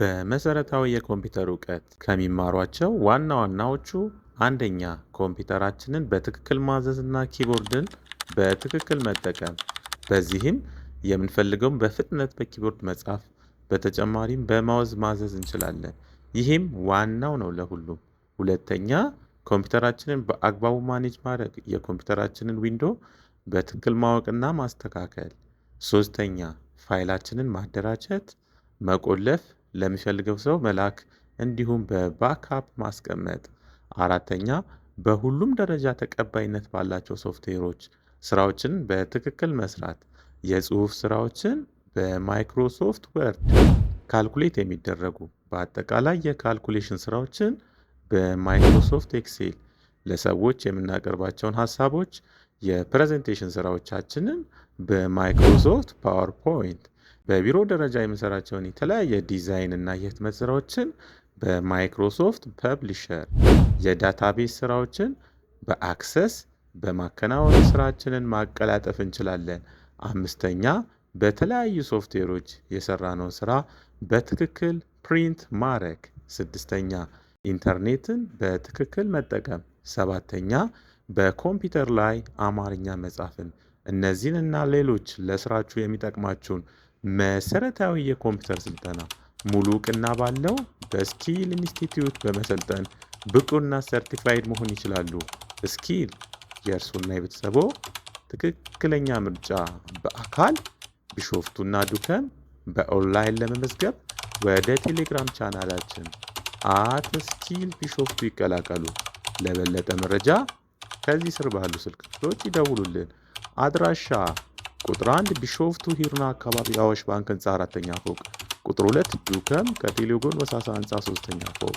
በመሰረታዊ የኮምፒውተር እውቀት ከሚማሯቸው ዋና ዋናዎቹ አንደኛ ኮምፒውተራችንን በትክክል ማዘዝና ኪቦርድን በትክክል መጠቀም፣ በዚህም የምንፈልገውን በፍጥነት በኪቦርድ መጻፍ፣ በተጨማሪም በማውዝ ማዘዝ እንችላለን። ይህም ዋናው ነው ለሁሉም። ሁለተኛ ኮምፒውተራችንን በአግባቡ ማኔጅ ማድረግ፣ የኮምፒውተራችንን ዊንዶ በትክክል ማወቅና ማስተካከል። ሶስተኛ ፋይላችንን ማደራጀት፣ መቆለፍ ለሚፈልገው ሰው መላክ እንዲሁም በባክአፕ ማስቀመጥ። አራተኛ በሁሉም ደረጃ ተቀባይነት ባላቸው ሶፍትዌሮች ስራዎችን በትክክል መስራት። የጽሁፍ ስራዎችን በማይክሮሶፍት ወርድ ካልኩሌት የሚደረጉ በአጠቃላይ የካልኩሌሽን ስራዎችን በማይክሮሶፍት ኤክሴል ለሰዎች የምናቀርባቸውን ሀሳቦች የፕሬዘንቴሽን ስራዎቻችንን በማይክሮሶፍት ፓወርፖይንት በቢሮ ደረጃ የምሰራቸውን የተለያየ ዲዛይን እና የህትመት ስራዎችን በማይክሮሶፍት ፐብሊሸር፣ የዳታቤስ ስራዎችን በአክሰስ በማከናወን ስራችንን ማቀላጠፍ እንችላለን። አምስተኛ በተለያዩ ሶፍትዌሮች የሰራነውን ስራ በትክክል ፕሪንት ማረክ ስድስተኛ ኢንተርኔትን በትክክል መጠቀም። ሰባተኛ በኮምፒውተር ላይ አማርኛ መጻፍን። እነዚህንና ሌሎች ለስራችሁ የሚጠቅማችሁን መሰረታዊ የኮምፒውተር ስልጠና ሙሉ እውቅና ባለው በስኪል ኢንስቲትዩት በመሰልጠን ብቁና ሰርቲፋይድ መሆን ይችላሉ። ስኪል የእርሱና የቤተሰቦ ትክክለኛ ምርጫ። በአካል ቢሾፍቱና ዱከም። በኦንላይን ለመመዝገብ ወደ ቴሌግራም ቻናላችን አት ስኪል ቢሾፍቱ ይቀላቀሉ። ለበለጠ መረጃ ከዚህ ስር ባሉ ስልክ ክፍሎች ይደውሉልን። አድራሻ ቁጥር 1 ቢሾፍቱ ሂሩና አካባቢ አዋሽ ባንክ ህንፃ አራተኛ ፎቅ፣ ቁጥር 2 ዱከም ከቴሌጎን ወሳሳ ህንፃ ሶስተኛ ፎቅ